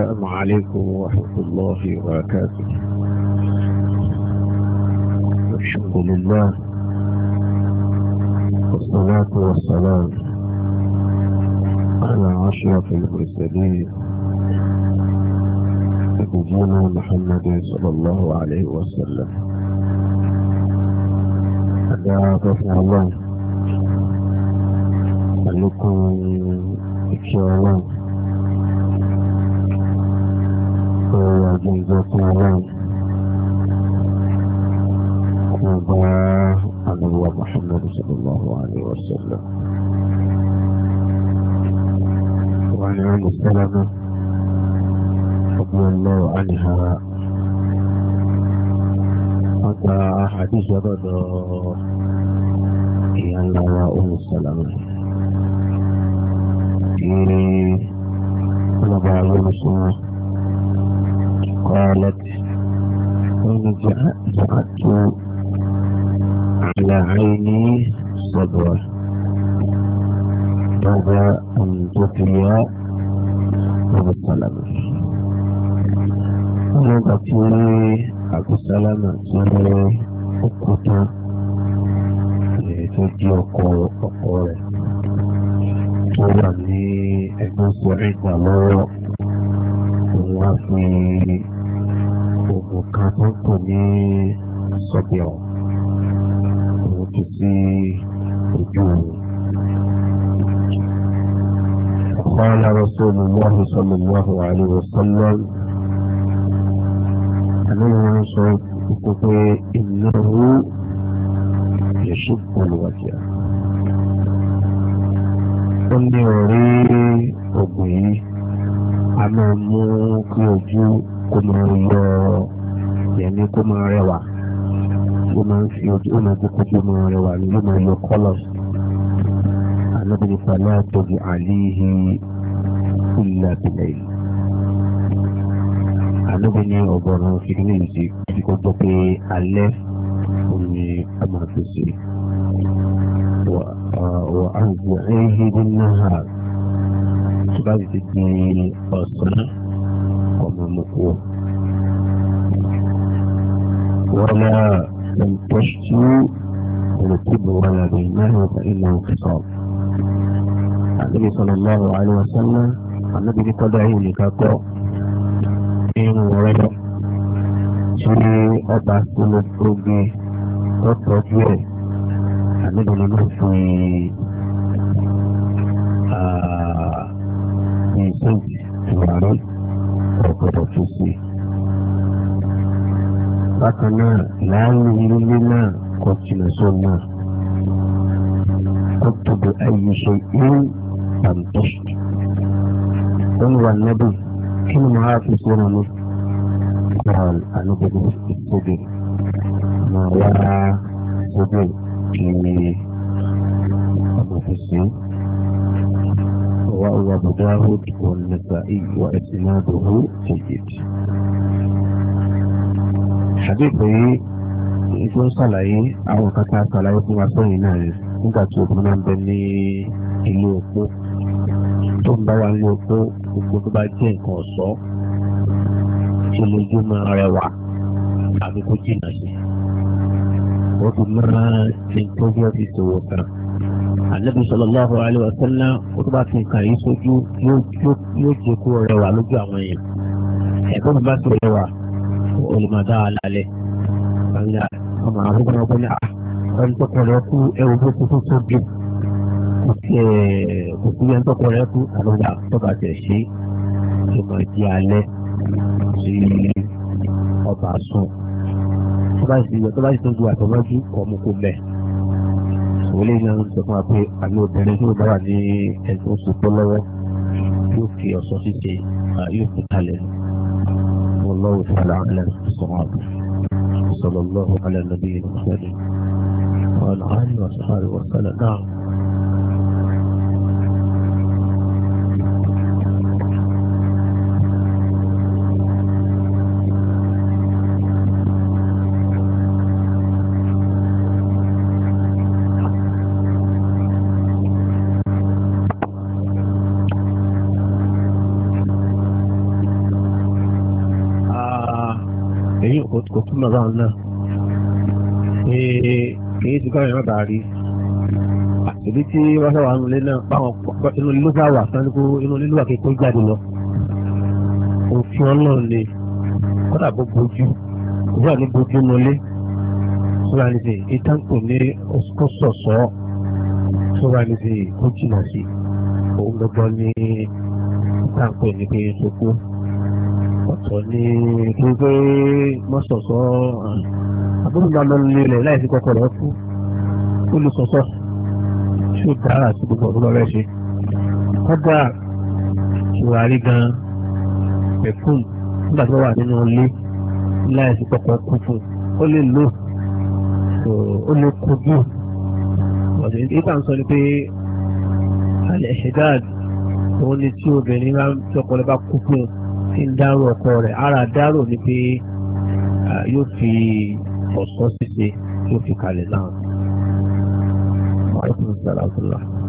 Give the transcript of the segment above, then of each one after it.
السلام عليكم ورحمة الله وبركاته الحمد لله والصلاة والسلام على أشرف المرسلين نبينا محمد صلى الله عليه وسلم هذا رفع الله عليكم إن شاء الله يا جنزة صلى الله عليه وسلم وعن عم سلمة رضي الله عنها حتى حديث بدر هي أن أم سلمة في ربع يوم السنة قالت إن جعلت على عيني صبرا بعد أن جفي وبالسلامة nígbà tí àbúsálámà tí ọkọ tán èyí tó di ọkọ ọkọ rẹ̀ tó wà ní ẹgbẹ́ sọ̀rọ̀ ìgbà lọ́wọ́ wá fi oògùn kan tó ń pè ní sọ́bìọ̀ òun ti sí ojú òun. قال رسول الله صلى الله عليه وسلم أنه إنه يشق الوجه ó ní orí oògùn yìí a máa mú kí ojú kó máa yọ yẹni kó máa rẹwà ó máa ń fi ojú ó máa jẹ́ kójú máa rẹwà ni ó máa yọ kọ́lọ̀ anábìrin pẹ̀lú àtòbí àlíhi ìlà fìdílé yìí ti kó gbọ́ pé alẹ́ wà náà. tó bá ti di ọ̀sán ọmọ mu kú. wọ́n máa ń tọ́sí olùkíbi wọn àbí náà ta ìlà òkúta. àdébí sọ̀rọ̀ lọ́wọ́ àlùwà sánmà àdébí ní kọ́dà yìí nìkan kọ́ nínú rẹ̀ lọ. tí ọba sínú oge tó àdébí ní wọ́n fi iṣẹ́ ìwàrọ̀ ọ̀gbọ̀dọ̀ tó ṣe. bákan náà láàárín ilé náà kò tilẹ̀ sọ náà kó tóbi ayé ṣe irú tàǹtọ́. ó ń wà nẹ́bù kí ni mo á fi ṣe rán mi. قال أنبذ السجن ما وعى سجن في أبو حسين وأبو داود والنسائي وإسناده جيد حديثي ìgbọ́n ṣàlàyé àwọn kan tá a ṣàlàyé fún wa sẹ́yìn náà rẹ̀ nígbà tí obìnrin náà ń bẹ ní ilé opó tó ń bá wa ní opó gbogbo tó bá jẹ́ nǹkan ọ̀ṣọ́ tó lójú máa rẹwà àbí kó jìnnà sí. wọ́n ti mìíràn ní tó bí wọ́n ti ṣòwò kan ànábì sallallahu alaihi wa sallam ó tó bá fi nǹkan yìí sójú yóò jẹ́ kó rẹwà lójú àwọn èèyàn ẹ̀gbọ́n mi bá tó rẹwà olùmọ̀dá alálẹ̀ ọmọ àbúkọ́ náà gbọ́n ní àwọn ah, tó kọ̀ lọ́kú ẹ̀rù tó kú tó tóbi kò sí ẹni tó kọ̀ lọ́kú àlọ́dà tó bá tẹ̀ ṣe ìmọ̀ ìdí alẹ́ sí ọba sùn tó bá sì tó ju àtọ́mọ́jú ọmọkùnrin eléyìí náà ń sọ fún wa pé àmì obìnrin yóò bá wà ní ẹgbẹ́ oṣù tó lọ́wọ́ yóò fi ọ̀sọ́ ṣíṣe yóò fi kalẹ̀ wọlọ́wọ́ ìfàlà àlẹ́ sọ̀rọ̀ àbọ̀ sọ̀rọ̀ lọ́wọ́ àlẹ́ lọ́bí ìrọ̀lẹ́ wọn àlọ́ àlọ́ àṣọ àríwọ̀ náà. yìí kò túnmọ̀ báwọn náà èyí ti gbọ́ ìrìnàbà rí àtìlí tí wọ́n sáwà nulé náà báwọn inú lílo sáwà sáníkó inú lílo àkẹ́kọ̀ọ́ jáde lọ òfin ọlọ́run ni kọ́dà bó bójú ìwà ní bójú nulé sọ́ra ní sè ìtànkù ní kọ́sọ̀sọ́ sọ́ra ní sè ó jìnà sí òun gbọ́gbọ́ ní ìtànkù ní pé sọ́kú ọ̀sọ̀ ni kí n pé mọ́sọ̀sọ́ àbúrò máa lọ lélẹ̀ láì fi kọ́kọ́ rẹ̀ kú olùsọ̀sọ́ tí ó dára sí gbogbo ọ̀dọ́ lọ́rẹ́ ṣe kọ́dà ìwàrí gan pẹ̀fún nígbà tí wọ́n wà nínú ilé láì fi kọ́kọ́ kú fún ó lè lò ó lè kojú ọ̀sẹ̀ nígbà ń sọ ni pé alẹ́ ṣẹ̀dáàdì òun ni tí obìnrin máa ń tọkọ lọ́ba kú fún un tí ń dárò ọkọ rẹ̀ ara dárò ni pé yóò fi ọ̀sán ṣíṣe yóò fi kalẹ̀ náà. Wàhálà fún ìsàlàkùnrin.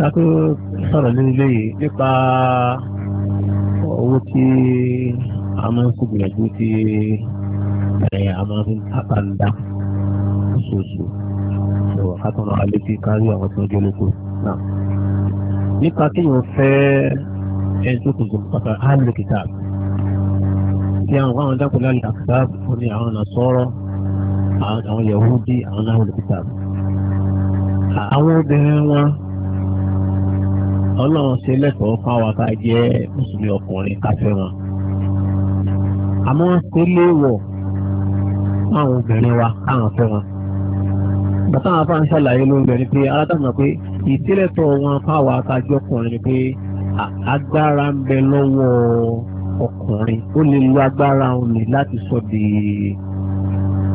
kákó sọ̀rọ̀ nínú ilé yìí nípa owó tí a máa ń kó gbìyànjú tí a máa ń sábà ń dá oṣooṣù ṣòwò kátàmọ́ àlékí kárí àwọn tí wọ́n jẹ́ olóko náà. nípa kí wọ́n fẹ́ ẹni tó kùn jùlọ pàtàkì àlè kìtà tí àwọn àwọn dákùn lálẹ́ àkàtà wọn ni àwọn nàṣọ́rọ̀ àwọn Yahudi àwọn náà olùkìtà. àwọn obìnrin wọn ọlọ́run ṣe lẹ́tọ̀ọ́ fáwọn ká jẹ́ mùsùlùmí ọkùnrin káfẹ́ wọn. àmọ́ ṣe lè wọ̀ fáwọn obìnrin wa káwọn fẹ́ wọn. bàtà wọn fáwọn ṣàlàyé ló ń bẹ ni pé alátàmọ̀ pé ìtẹ́lẹ̀tọ̀ wọn fáwọn akájọ́ ọkùnrin ni pé agbára ń bẹ lọ́wọ́ ọkùnrin ó lè lo agbára òun ní láti sọ di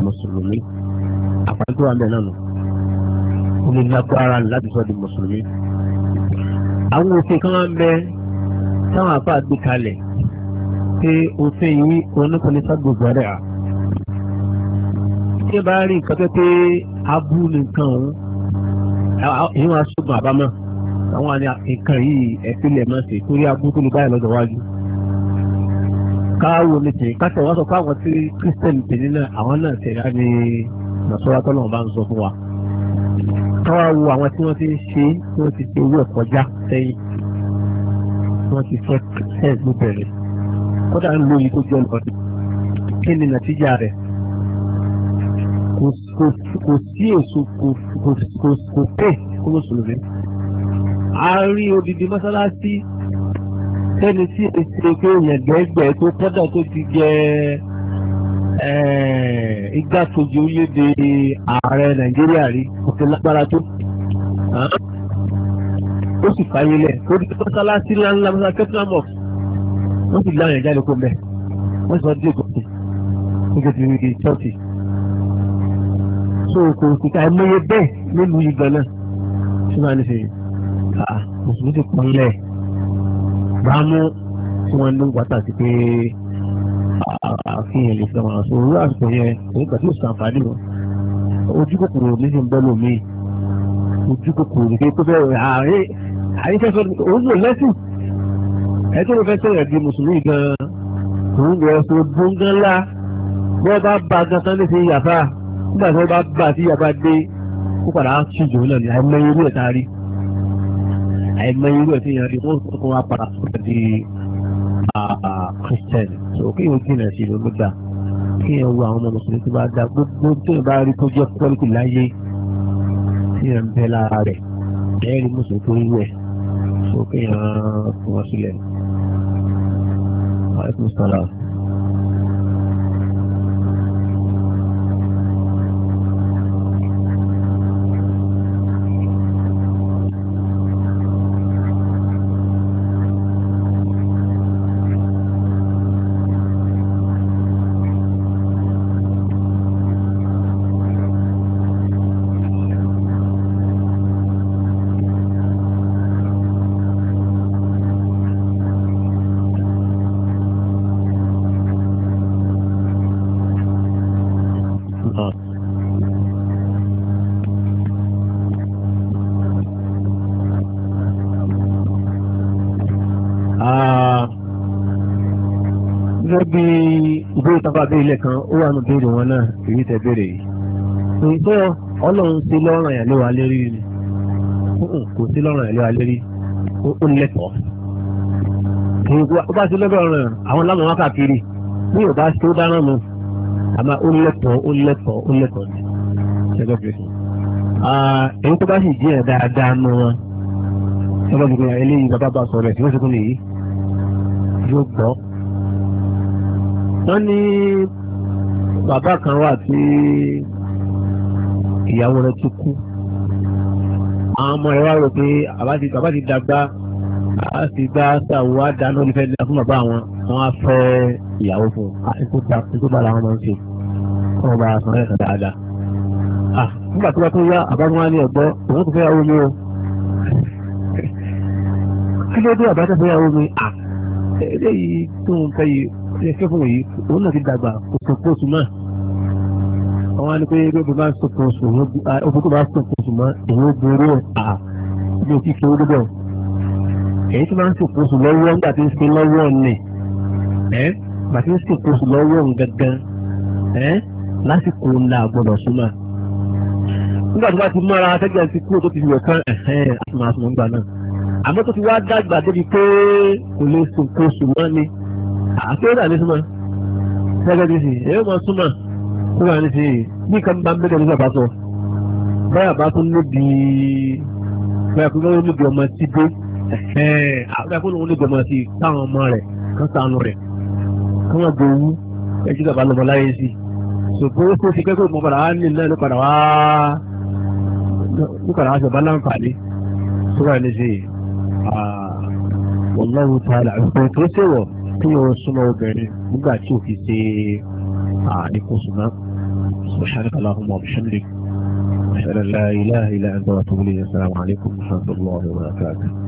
mùsùlùmí àpàtúwà ń bẹ náà nù ó lè lo agbára láti sọ di mùsùlùmí àwọn òfin kan máa ń bẹ táwọn àpá gbé kalẹ̀ pé òfin yìí onípínlẹ̀ sábò gbọ́dọ̀ à. tí ẹ bá rí nǹkan tó pé abú nìkan òun èyí wọn aṣọ́gun àbámọ̀ àwọn àni nǹkan yìí ẹ̀fílẹ̀ máa ṣe torí abú tó lè báyìí lọ́jọ́ wájú. káwọ ní tèyí kásẹ̀ wọ́n sọ pé àwọn tí kírísítẹ̀nì tèyí náà àwọn náà tẹ̀lé ní nàṣọ́ra tọ́lọ́run bá ń sọ fún wa káwá wo àwọn tí wọ́n ti ń ṣe tí wọ́n ti ṣe owó ẹ̀kọ́já sẹ́yìn tí wọ́n ti sọ ẹ̀ ló bẹ̀rẹ̀ kódà ń lo yìí tó jẹ́ lọ́dún kí ni nàtíjà rẹ̀ kò sí èso kò pè kó ló sòrò rẹ̀ a rí odidi mọ́sálásí sẹ́ni tí èsì èké yẹn gbẹ́gbẹ́ tó kọ́dà tó ti jẹ́ ẹ́. Eh, igbákejì orílẹ̀-èdè ààrẹ nàìjíríà rí òfin lágbára tó ó sì fàyè lẹ̀ ó di mọ́sálásí ńláńlá mọ́sálásí kẹ́tìlámọ̀ wọ́n sì láwọn ìjáde kó mẹ́ wọ́n sì sọ díẹ̀ kó sí nígbà tí wíìdì chọ́ọ̀tì so kò sì ká ẹmọye bẹ́ẹ̀ nílùú yìí gan-an ṣé máa ní sèyí mùsùlùmí ti pọ́n lẹ̀ bá mú tí wọ́n ń dún gbàtà sí pé àfihàn ìlú gbọmọ àti òwúrọ̀ àgbẹ̀ yẹn èyí kàtí ò sàǹfààní o ojú kòkòrò níbi ń bẹ́lò mi ojú kòkòrò nìkan tó bẹ́ẹ̀ ààrẹ àyíkẹ́sọ òwúrọ̀ lẹ́sìn ẹjọ́ ló fẹ́ sẹ̀rẹ̀ di mùsùlùmí gan-an òun lọ sọ gbóngánlá wọ́n bá ba gangan ní ti yàfa nígbà tí wọ́n bá ba sí yàfa dé ó padà ṣùjò náà ní àìmọye irú ẹ̀ tá a rí àìmọye irú ẹ̀ tí yàrá christian so kí o jìnà sí ló gbà kí ẹ wo àwọn ọmọ mùsùlùmí tó bá dá gbogbo tó bá rí tó jẹ́ pọ́lìkì láyé tí ẹ ń bẹ lára rẹ̀ ẹ rí mùsùlùmí tó ń wẹ̀ so kí ẹ fún ọ sílẹ̀. Aleykum salaam. gẹ́gẹ́ bí ìbéèrè tábà bí ilẹ̀ kan ó wà nù béèrè wọn náà èyí tẹ béèrè yìí. èyí tó ọlọ́run ṣe lọ́ràn yàn léwa lérí ni kò sí lọ́ràn yàn léwa lérí ó lẹ́tọ̀ọ́. ó bá ṣe lọ́dọ̀ ọ̀ràn àwọn lámọ̀ wọn káàkiri bí ò bá ṣe ó dáná mu àmọ́ ó lẹ́tọ̀ọ́ ó lẹ́tọ̀ọ́ ó lẹ́tọ̀ọ́ ni ṣẹlẹ̀ fi fún. èyí tó bá sì jí ẹ̀ dáadáa mọ́ wọn ṣẹlẹ̀ fi fún wọ́n ní bàbá kan wà tí ìyàwó rẹ̀ ti kú àwọn ọmọ rẹ̀ wá rò pé bàbá ti dàgbà a ti gbá sàwọ́ á dáná olùfẹ́ nílẹ̀ fún bàbá wọn wọ́n á fẹ́ ìyàwó fún un tó bá làwọn máa ń ṣe kọ́ ọba àtúnṣe ẹ̀ka dáadáa. nígbà tó bá tó yá àbámu wá ní ẹ̀gbọ́ òun kò fẹ́ yàwó mi o kí ló dé àbájáde yàwó mi à eléyìí tó ń fẹ́ yìí tí ẹ kẹ́kọ̀ọ́ yìí òun náà ti dàgbà kòtòkòtò náà àwọn ni pé bí obìnrin bá ń sọ̀tò oṣù obìnrin bá ń sọ̀tò oṣù èyí ó borí à bí o ti ṣe orúbọ̀ èyí tó bá ń sọ̀tò oṣù lọ́wọ́ nígbà tí ń ṣe lọ́wọ́ ni ẹ́ gbà tí ń sọ̀tò oṣù lọ́wọ́ gangan ẹ́ lásìkò ńlá gbọ́dọ̀ súnmọ́ nígbà tó bá ti mọ́ra atẹ́gbẹ́ ti kúrò tó ti yọ̀ kán ẹ̀hẹ́n àtúmọ̀ àtúmọ̀ ńgbà náà àmọ́ tó ti wá dàgbà débi pé kò lè sọ̀tò oṣù ni àkéwọ́dà ní súnmọ́ gẹ́gẹ́ bí sí èyí máa súnmọ́ tó wà ní sí bí kan bá ń bẹ́gẹ̀ nígbà bá sọ báyà bá tún níbi báyà kó lóun níbi ọmọ sí dé báyà kó lóun níbi ọmọ sí táwọn ọmọ rẹ̀ kan sànù rẹ̀ kí wọ́n gbowó ẹjú gàba lọ́mọ láyé sí ṣùgbọ́n ó ṣe é kẹ́kọ̀ọ́ mọ́ padà wá ní náà ló padà wá ló padà wá ṣọ̀bá láǹfààní tó wà ní sí wọ́n lọ́wọ́ tààlà àgbẹ̀ tó ṣèwọ̀ kí wọ́n súnmọ́ obìnrin nígbà tí òfin ṣe àníkùnsùnmọ́ سبحانك اللهم وبحمدك أشهد أن لا إله إلا أنت وأتوب إليك السلام عليكم ورحمة الله وبركاته